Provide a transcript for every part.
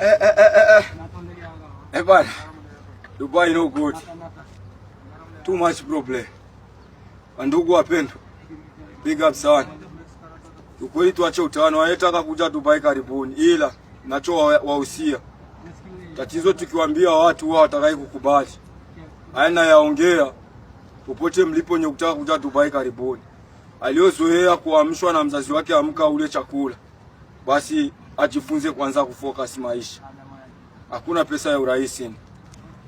Eh, eh, eh, eh. Eh, eh bana. Dubai no good. Too much problem. Wandugu wapendwa, big up sana. Ukweli tuache utano, anayetaka kuja Dubai karibuni, ila nacho nachowahusia tatizo, tukiwaambia watu wao watakai kukubali aina yaongea popote mlipo wenye kutaka kuja Dubai karibuni, aliozoea kuamshwa na mzazi wake, amka ule chakula basi ajifunze kwanza kufocus maisha. Hakuna pesa ya urahisi.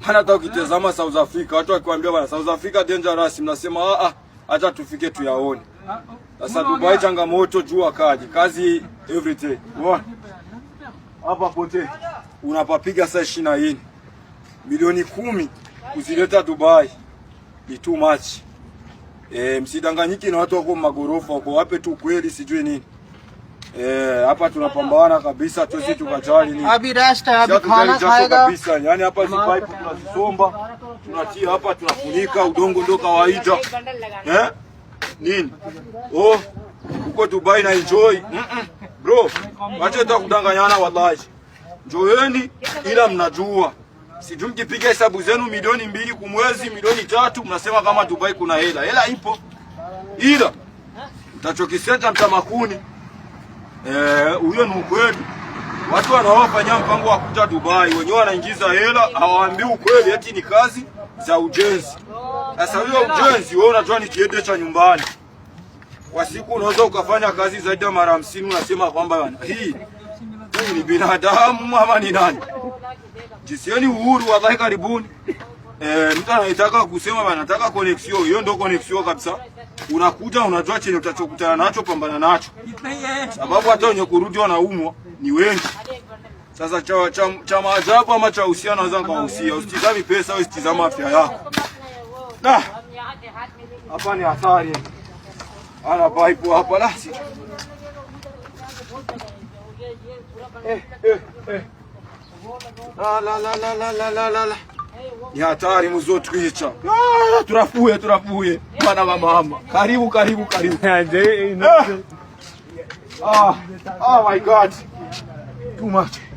Maana hata ukitazama South Africa, watu wakiwaambia bana South Africa dangerous, mnasema a a, acha tufike tuyaone. Sasa Dubai changamoto, jua kaji, kazi every day. Hapa pote unapapiga saa ishirini na nne milioni kumi kuzileta Dubai ni too much. E, eh, msidanganyiki na watu wako magorofa wako wape tu kweli sijui nini. Eh, hapa e, tunapambana kabisa, tusi tukajali ni Abi rasta, abi khana khayega. Kabisa, yani hapa hizi pipe tunazisomba, tunatia hapa tunafunika, udongo ndo kawaida. Eh? Nini? Oh, uko Dubai na enjoy. Mm -mm. Bro, wacha tutakudanganyana wallahi. njoyeni, ila mnajua. Sijui mkipiga hesabu zenu milioni mbili kumwezi, milioni tatu, mnasema kama Dubai kuna hela. Hela ipo. Ila mtachokiseta mtamakuni Eh, huyo eh, ni ukweli. Watu wanaofanya mpango wa kuja Dubai wenyewe wanaingiza hela, hawaambii ukweli eti ni kazi za ujenzi. Sasa huyo ujenzi wewe unajua ni kiende cha nyumbani. Kwa siku unaweza ukafanya kazi zaidi ya mara hamsini, unasema kwamba hii huyu ni binadamu ama ni nani? Jisieni uhuru wallahi, karibuni. Eh, mtu anaitaka kusema anataka connection, hiyo ndio connection kabisa unakuja unajua chenye utachokutana nacho, pambana nacho, sababu hata wenye kurudi wanaumwa ni wengi. Sasa cha, cha, cha maajabu ama cha usia naweza nikahusia, usitizami pesa, usitizama afya yako. hapa ni hatari, ana paipu hapa lasi eh, eh, eh. La, la, la, la, la, la, la ni hatari muzotwica. Ah, turafuye turafuye bana ba mama, karibu karibu karibu. Ah, oh my God, too much